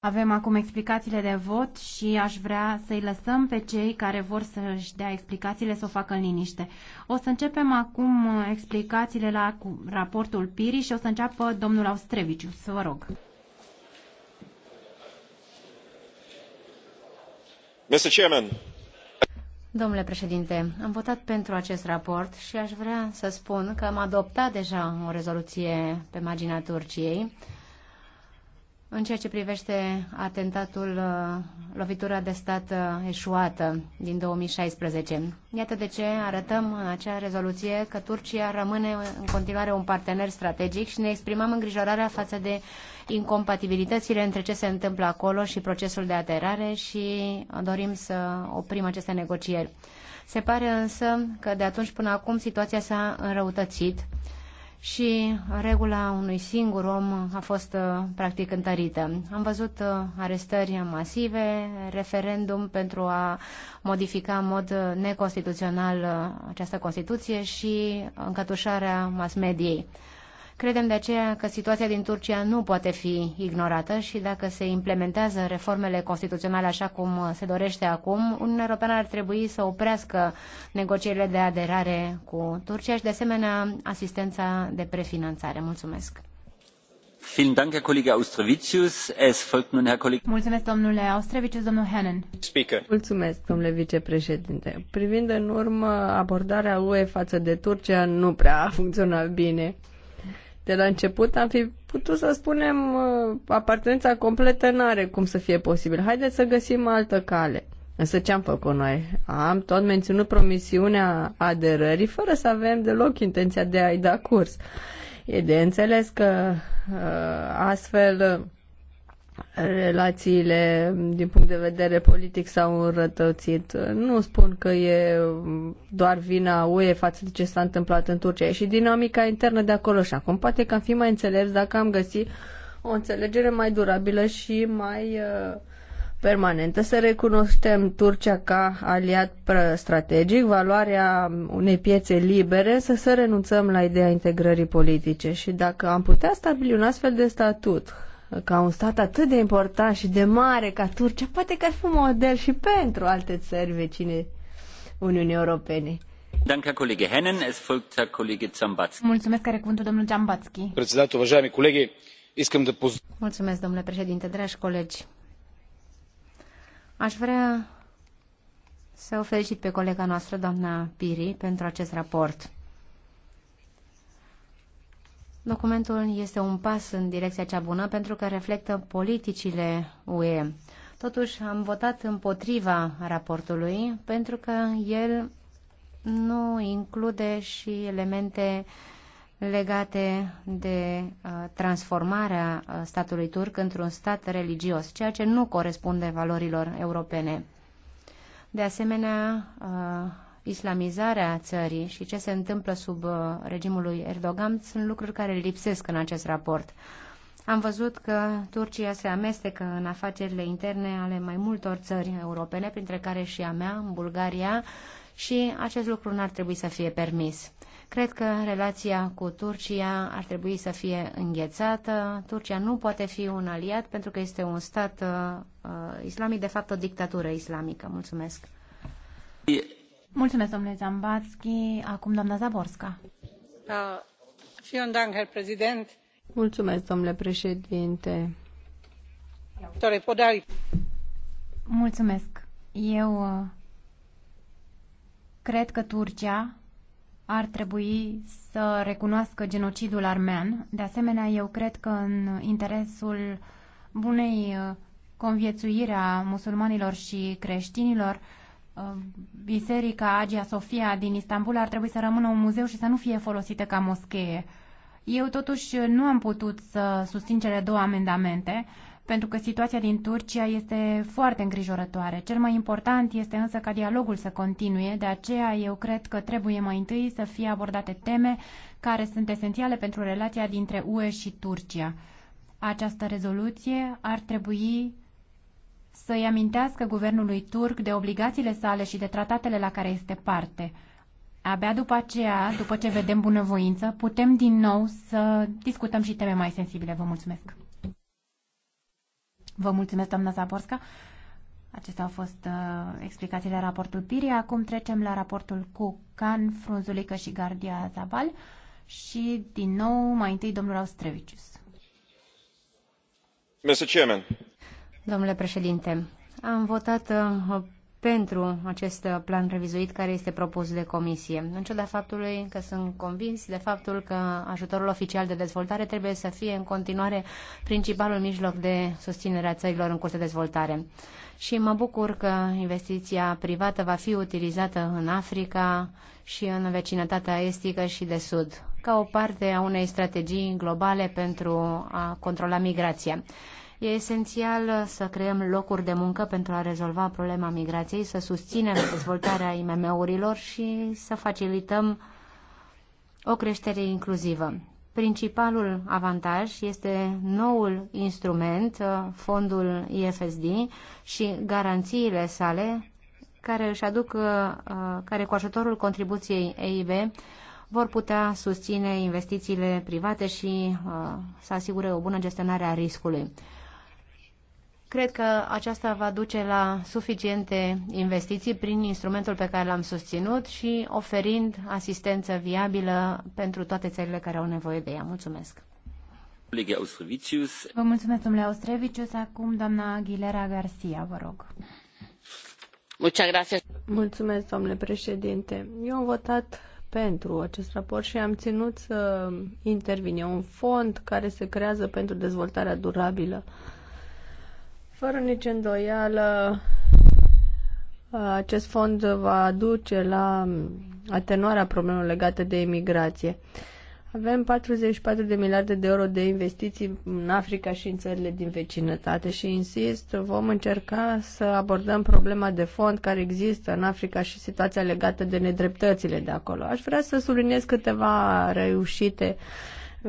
Avem acum explicațiile de vot și aș vrea să-i lăsăm pe cei care vor să-și dea explicațiile să o facă în liniște. O să începem acum uh, explicațiile la raportul Piri și o să înceapă domnul Austreviciu. Să vă rog. Mr. Chairman. Domnule președinte, am votat pentru acest raport și aș vrea să spun că am adoptat deja o rezoluție pe marginea Turciei în ceea ce privește atentatul, uh, lovitura de stat uh, eșuată din 2016. Iată de ce arătăm în acea rezoluție că Turcia rămâne în continuare un partener strategic și ne exprimăm îngrijorarea față de incompatibilitățile între ce se întâmplă acolo și procesul de aderare și dorim să oprim aceste negocieri. Se pare însă că de atunci până acum situația s-a înrăutățit și regula unui singur om a fost uh, practic întărită. Am văzut uh, arestări masive, referendum pentru a modifica în mod uh, neconstituțional această Constituție și încătușarea mass-mediei. Credem de aceea că situația din Turcia nu poate fi ignorată și dacă se implementează reformele constituționale așa cum se dorește acum, Uniunea Europeană ar trebui să oprească negocierile de aderare cu Turcia și de asemenea asistența de prefinanțare. Mulțumesc! Mulțumesc, domnule austrevicius domnul Speaker. Mulțumesc, domnule vicepreședinte privind în urmă abordarea ue față de turcia nu prea a funcționat bine de la început am fi putut să spunem uh, apartenența completă nu are cum să fie posibil. Haideți să găsim altă cale. Însă ce am făcut noi? Am tot menținut promisiunea aderării fără să avem deloc intenția de a-i da curs. E de înțeles că uh, astfel relațiile din punct de vedere politic s-au înrătățit. Nu spun că e doar vina UE față de ce s-a întâmplat în Turcia, e și dinamica internă de acolo și acum poate că am fi mai înțelepți dacă am găsit o înțelegere mai durabilă și mai uh, permanentă, să recunoaștem Turcia ca aliat strategic, valoarea unei piețe libere, să să renunțăm la ideea integrării politice și dacă am putea stabili un astfel de statut ca un stat atât de important și de mare ca Turcia, poate că ar fi un model și pentru alte țări vecine Uniunii Europene. Mulțumesc, care cuvântul domnul Zambatski. Mulțumesc, domnule președinte, dragi colegi. Aș vrea să o felicit pe colega noastră, doamna Piri, pentru acest raport. Documentul este un pas în direcția cea bună pentru că reflectă politicile UE. Totuși am votat împotriva raportului pentru că el nu include și elemente legate de uh, transformarea uh, statului turc într-un stat religios, ceea ce nu corespunde valorilor europene. De asemenea, uh, islamizarea țării și ce se întâmplă sub uh, regimul lui Erdogan sunt lucruri care lipsesc în acest raport. Am văzut că Turcia se amestecă în afacerile interne ale mai multor țări europene, printre care și a mea, în Bulgaria, și acest lucru n-ar trebui să fie permis. Cred că relația cu Turcia ar trebui să fie înghețată. Turcia nu poate fi un aliat pentru că este un stat uh, uh islamic, de fapt o dictatură islamică. Mulțumesc. Mulțumesc, domnule Zambatski. Acum, doamna Zaborska. Da. Mulțumesc, domnule președinte. Mulțumesc. Eu uh, cred că Turcia ar trebui să recunoască genocidul armean. De asemenea, eu cred că în interesul bunei uh, conviețuirea a musulmanilor și creștinilor, Biserica Agia Sofia din Istanbul ar trebui să rămână un muzeu și să nu fie folosită ca moschee. Eu totuși nu am putut să susțin cele două amendamente, pentru că situația din Turcia este foarte îngrijorătoare. Cel mai important este însă ca dialogul să continue, de aceea eu cred că trebuie mai întâi să fie abordate teme care sunt esențiale pentru relația dintre UE și Turcia. Această rezoluție ar trebui să-i amintească guvernului turc de obligațiile sale și de tratatele la care este parte. Abia după aceea, după ce vedem bunăvoință, putem din nou să discutăm și teme mai sensibile. Vă mulțumesc! Vă mulțumesc, doamna Zaborska. Acestea au fost uh, explicațiile la raportul Piri. Acum trecem la raportul cu Can, Frunzulică și Gardia Zabal. Și din nou, mai întâi, domnul Austrevicius. Mr. Chairman. Domnule președinte, am votat uh, pentru acest plan revizuit care este propus de comisie, în ciuda faptului că sunt convins de faptul că ajutorul oficial de dezvoltare trebuie să fie în continuare principalul mijloc de susținere a țărilor în curs de dezvoltare. Și mă bucur că investiția privată va fi utilizată în Africa și în vecinătatea estică și de sud, ca o parte a unei strategii globale pentru a controla migrația. E esențial să creăm locuri de muncă pentru a rezolva problema migrației, să susținem dezvoltarea IMM-urilor și să facilităm o creștere inclusivă. Principalul avantaj este noul instrument, uh, fondul IFSD și garanțiile sale care își aduc, uh, care cu ajutorul contribuției EIB vor putea susține investițiile private și uh, să asigure o bună gestionare a riscului. Cred că aceasta va duce la suficiente investiții prin instrumentul pe care l-am susținut și oferind asistență viabilă pentru toate țările care au nevoie de ea. Mulțumesc! Vă mulțumesc, domnule Austrevicius. Acum, doamna Aguilera Garcia, vă rog. Mulțumesc, domnule președinte. Eu am votat pentru acest raport și am ținut să intervine un fond care se creează pentru dezvoltarea durabilă fără nicio îndoială, acest fond va duce la atenuarea problemelor legate de imigrație. Avem 44 de miliarde de euro de investiții în Africa și în țările din vecinătate și insist, vom încerca să abordăm problema de fond care există în Africa și situația legată de nedreptățile de acolo. Aș vrea să subliniez câteva reușite uh,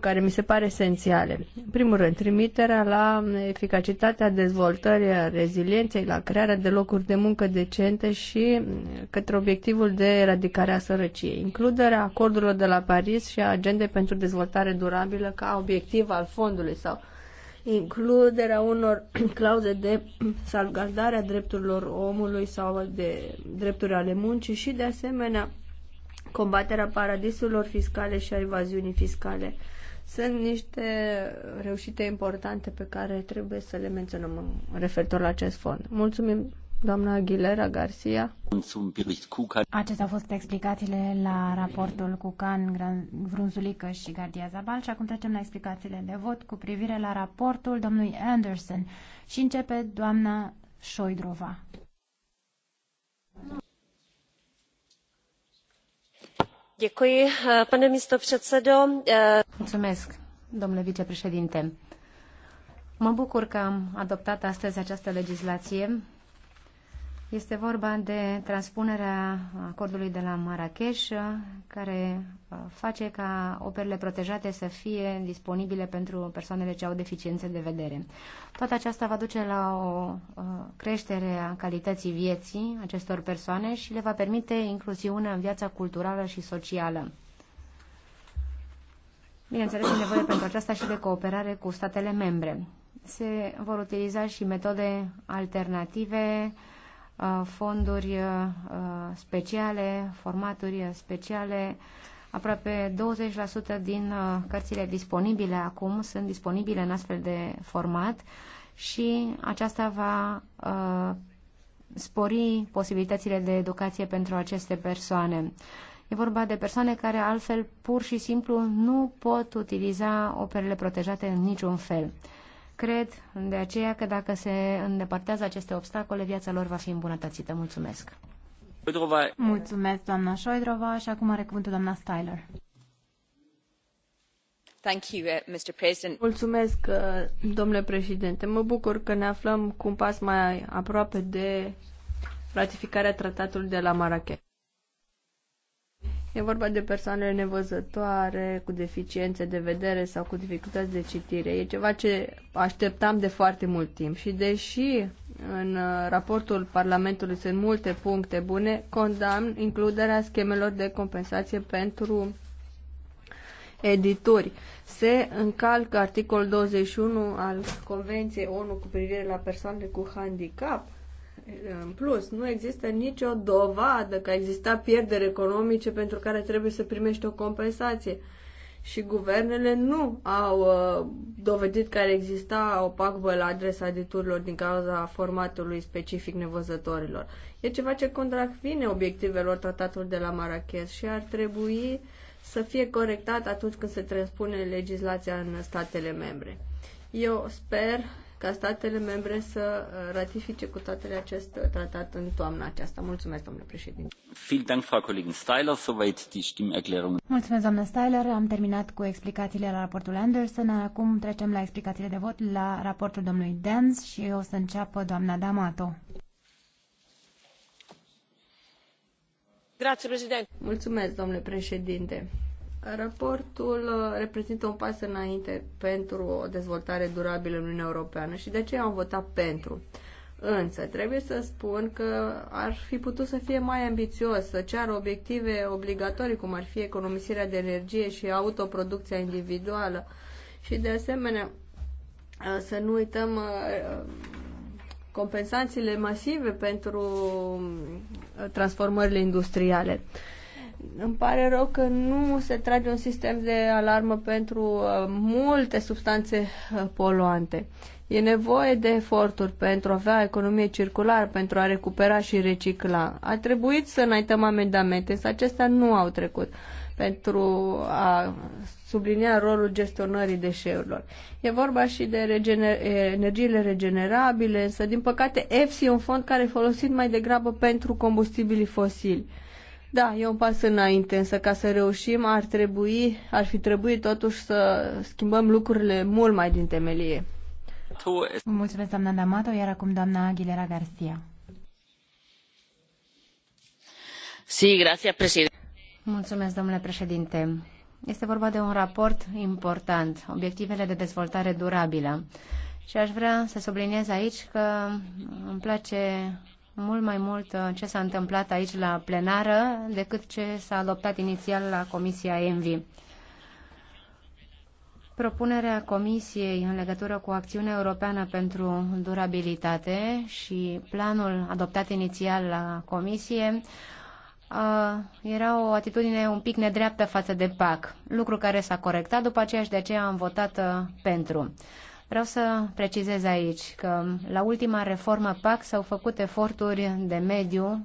care mi se pare esențiale. În primul rând, trimiterea la eficacitatea dezvoltării rezilienței, la crearea de locuri de muncă decente și către obiectivul de eradicare a sărăciei. Includerea acordurilor de la Paris și a agendei pentru dezvoltare durabilă ca obiectiv al fondului sau includerea unor clauze de salvgardare a drepturilor omului sau de drepturi ale muncii și, de asemenea, combaterea paradisurilor fiscale și a evaziunii fiscale. Sunt niște reușite importante pe care trebuie să le menționăm în referitor la acest fond. Mulțumim, doamna Aguilera Garcia. Acestea au fost explicațiile la raportul cu Can, Vrunzulică și Gardia Zabal și acum trecem la explicațiile de vot cu privire la raportul domnului Anderson și începe doamna Șoidrova. Eh, eh, Mulțumesc, domnule vicepreședinte. Mă bucur că am adoptat astăzi această legislație este vorba de transpunerea acordului de la Marrakesh, care uh, face ca operele protejate să fie disponibile pentru persoanele ce au deficiențe de vedere. Toată aceasta va duce la o uh, creștere a calității vieții acestor persoane și le va permite incluziunea în viața culturală și socială. Bineînțeles, e nevoie pentru aceasta și de cooperare cu statele membre. Se vor utiliza și metode alternative Uh, fonduri uh, uh, speciale, formaturi speciale. Aproape 20% din cărțile disponibile acum sunt disponibile în astfel de format și aceasta va spori posibilitățile de educație pentru aceste persoane. E vorba de persoane care altfel pur și simplu nu pot utiliza operele protejate în niciun fel. Cred de aceea că dacă se îndepărtează aceste obstacole, viața lor va fi îmbunătățită. Mulțumesc! Mulțumesc, doamna Șoidrova, și acum are cuvântul doamna Styler. Uh, Mulțumesc, uh, domnule președinte mă bucur că ne aflăm cu un pas mai aproape de ratificarea tratatului de la marrakech. E vorba de persoane nevăzătoare, cu deficiențe de vedere sau cu dificultăți de citire. E ceva ce așteptam de foarte mult timp și deși în uh, raportul Parlamentului sunt multe puncte bune, condamn includerea schemelor de compensație pentru edituri. Se încalcă articolul 21 al Convenției ONU cu privire la persoane cu handicap în plus, nu există nicio dovadă că exista pierderi economice pentru care trebuie să primești o compensație. Și guvernele nu au uh, dovedit că ar exista o pagubă la adresa editurilor din cauza formatului specific nevăzătorilor. E ceva ce contravine obiectivelor tratatului de la Marrakech și ar trebui să fie corectat atunci când se transpune legislația în statele membre. Eu sper ca statele membre să uh, ratifice cu toate acest uh, tratat în toamna aceasta. Mulțumesc, domnule președinte. Mulțumesc, doamnă Steiler. Am terminat cu explicațiile la raportul Anderson. Acum trecem la explicațiile de vot la raportul domnului Dens și o să înceapă doamna D'Amato. Grazie, Mulțumesc, domnule președinte Raportul uh, reprezintă un pas înainte pentru o dezvoltare durabilă în Uniunea Europeană și de ce am votat pentru. Însă, trebuie să spun că ar fi putut să fie mai ambițios, să ceară obiective obligatorii, cum ar fi economisirea de energie și autoproducția individuală. Și, de asemenea, uh, să nu uităm uh, compensațiile masive pentru transformările industriale. Îmi pare rău că nu se trage un sistem de alarmă pentru uh, multe substanțe uh, poluante. E nevoie de eforturi pentru a avea economie circulară, pentru a recupera și recicla. A trebuit să înaintăm amendamente, însă acestea nu au trecut pentru a sublinia rolul gestionării deșeurilor. E vorba și de regener- energiile regenerabile, însă din păcate EFSI e un fond care e folosit mai degrabă pentru combustibilii fosili. Da, e un pas înainte, însă ca să reușim ar trebui, ar fi trebuit totuși să schimbăm lucrurile mult mai din temelie. Mulțumesc, doamna D'Amato, iar acum doamna Aguilera Garcia. Sí, gracias, presidente. Mulțumesc, domnule președinte. Este vorba de un raport important, obiectivele de dezvoltare durabilă. Și aș vrea să subliniez aici că îmi place mult mai mult uh, ce s-a întâmplat aici la plenară decât ce s-a adoptat inițial la Comisia ENVI. Propunerea Comisiei în legătură cu acțiunea europeană pentru durabilitate și planul adoptat inițial la Comisie uh, era o atitudine un pic nedreaptă față de PAC, lucru care s-a corectat după aceea și de aceea am votat uh, pentru. Vreau să precizez aici că la ultima reformă PAC s-au făcut eforturi de mediu,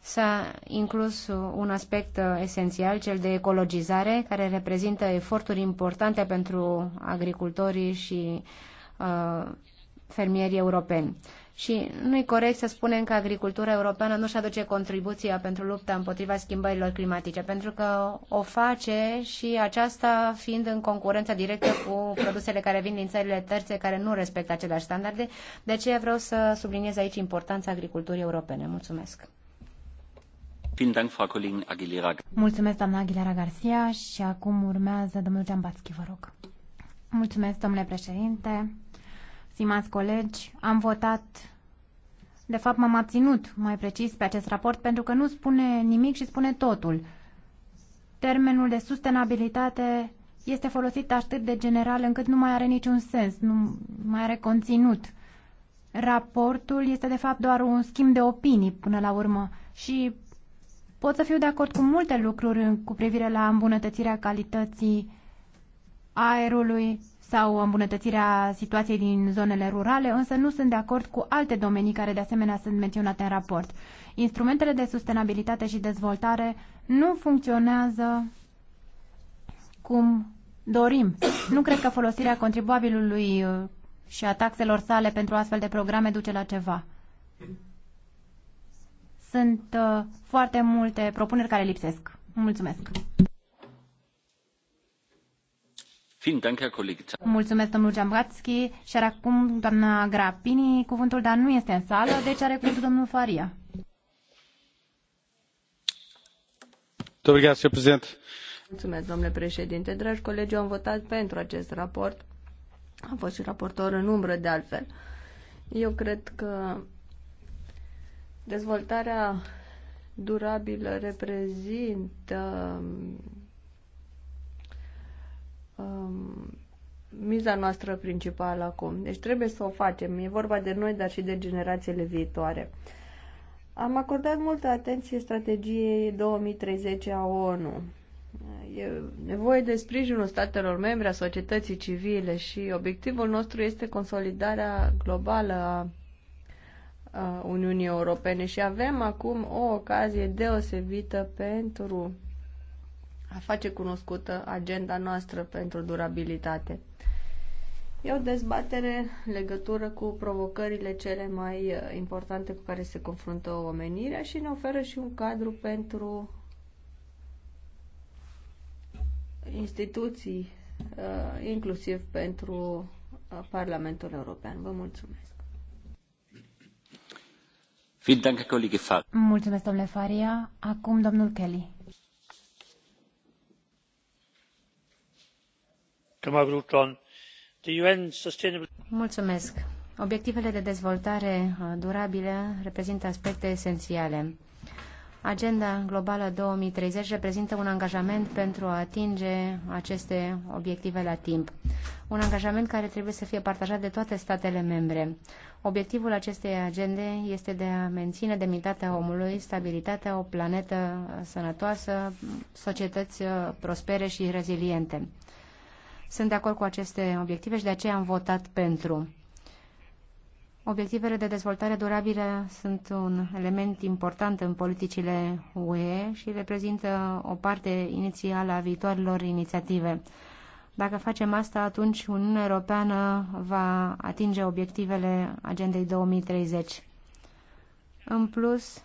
s-a inclus un aspect uh, esențial, cel de ecologizare, care reprezintă eforturi importante pentru agricultorii și uh, fermierii europeni. Și nu i corect să spunem că agricultura europeană nu-și aduce contribuția pentru lupta împotriva schimbărilor climatice, pentru că o face și aceasta fiind în concurență directă cu produsele care vin din țările terțe care nu respectă aceleași standarde. De aceea vreau să subliniez aici importanța agriculturii europene. Mulțumesc! Mulțumesc, doamna Aguilera Garcia, și acum urmează domnul Giambatski, vă rog. Mulțumesc, domnule președinte stimați colegi, am votat, de fapt m-am abținut mai precis pe acest raport pentru că nu spune nimic și spune totul. Termenul de sustenabilitate este folosit atât de general încât nu mai are niciun sens, nu mai are conținut. Raportul este de fapt doar un schimb de opinii până la urmă și pot să fiu de acord cu multe lucruri cu privire la îmbunătățirea calității aerului sau îmbunătățirea situației din zonele rurale, însă nu sunt de acord cu alte domenii care de asemenea sunt menționate în raport. Instrumentele de sustenabilitate și dezvoltare nu funcționează cum dorim. Nu cred că folosirea contribuabilului uh, și a taxelor sale pentru astfel de programe duce la ceva. Sunt uh, foarte multe propuneri care lipsesc. Mulțumesc! Mulțumesc, domnul Giambrațchi. Și acum, doamna Grapini, cuvântul, dar nu este în sală, deci are cuvântul domnul Faria. Mulțumesc, domnule președinte. Dragi colegi, eu am votat pentru acest raport. Am fost și raportor în umbră, de altfel. Eu cred că dezvoltarea durabilă reprezintă um, miza noastră principală acum. Deci trebuie să o facem. E vorba de noi, dar și de generațiile viitoare. Am acordat multă atenție strategiei 2030 a ONU. E nevoie de sprijinul statelor membre, a societății civile și obiectivul nostru este consolidarea globală a Uniunii Europene și avem acum o ocazie deosebită pentru a face cunoscută agenda noastră pentru durabilitate. E o dezbatere în legătură cu provocările cele mai uh, importante cu care se confruntă omenirea și ne oferă și un cadru pentru instituții, uh, inclusiv pentru uh, Parlamentul European. Vă mulțumesc! Mulțumesc, domnule Faria. Acum, domnul Kelly. Mulțumesc. obiectivele de dezvoltare uh, durabilă reprezintă aspecte esențiale. Agenda globală 2030 reprezintă un angajament pentru a atinge aceste obiective la timp. Un angajament care trebuie să fie partajat de toate statele membre. Obiectivul acestei agende este de a menține demnitatea omului, stabilitatea, o planetă uh, sănătoasă, societăți uh, prospere și reziliente. Sunt de acord cu aceste obiective și de aceea am votat pentru. Obiectivele de dezvoltare durabilă sunt un element important în politicile UE și reprezintă o parte inițială a viitoarelor inițiative. Dacă facem asta, atunci Uniunea Europeană va atinge obiectivele Agendei 2030. În plus,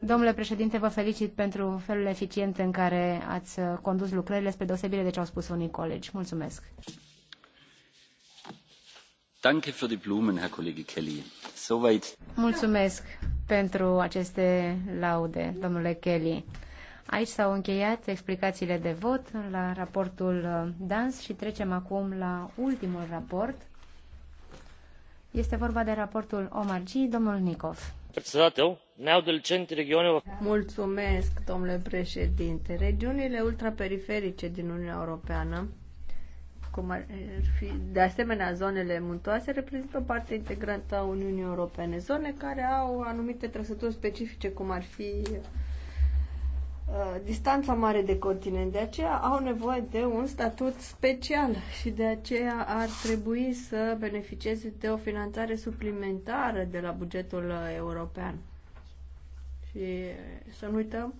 Domnule președinte, vă felicit pentru felul eficient în care ați uh, condus lucrările, spre deosebire de ce au spus unii colegi. Mulțumesc. Danke für die Blumen, Herr Kollege Kelly. Soweit. Mulțumesc pentru aceste laude, domnule Kelly. Aici s-au încheiat explicațiile de vot la raportul uh, DANS și trecem acum la ultimul raport. Este vorba de raportul OMARGI, domnul Nicov. Mulțumesc, domnule președinte. Regiunile ultraperiferice din Uniunea Europeană, cum ar fi de asemenea zonele muntoase, reprezintă o parte integrantă a Uniunii Europene, zone care au anumite trăsături specifice, cum ar fi Uh, distanța mare de continent. De aceea au nevoie de un statut special și de aceea ar trebui să beneficieze de o finanțare suplimentară de la bugetul uh, european. Și uh, să nu uităm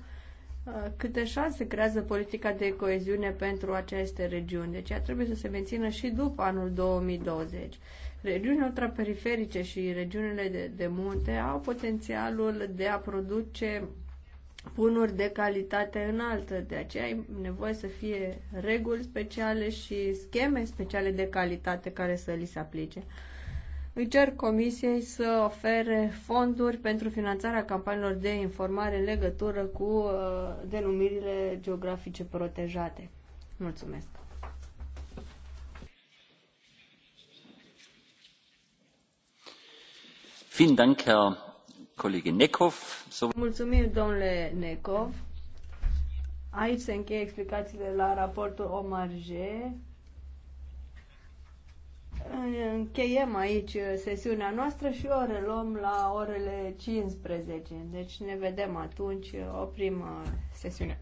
câte șanse creează politica de coeziune pentru aceste regiuni. Deci ea trebuie să se mențină și după anul 2020. Regiunile ultraperiferice și regiunile de, de munte au potențialul de a produce bunuri de calitate înaltă. De aceea ai nevoie să fie reguli speciale și scheme speciale de calitate care să li se aplice. Îi cer Comisiei să ofere fonduri pentru finanțarea campaniilor de informare în legătură cu uh, denumirile geografice protejate. Mulțumesc! Vielen Dank, Herr Kollege Neckhoff. Mulțumim, domnule Necov. Aici se încheie explicațiile la raportul Omarje. Încheiem aici sesiunea noastră și o reluăm la orele 15. Deci ne vedem atunci, oprim sesiunea.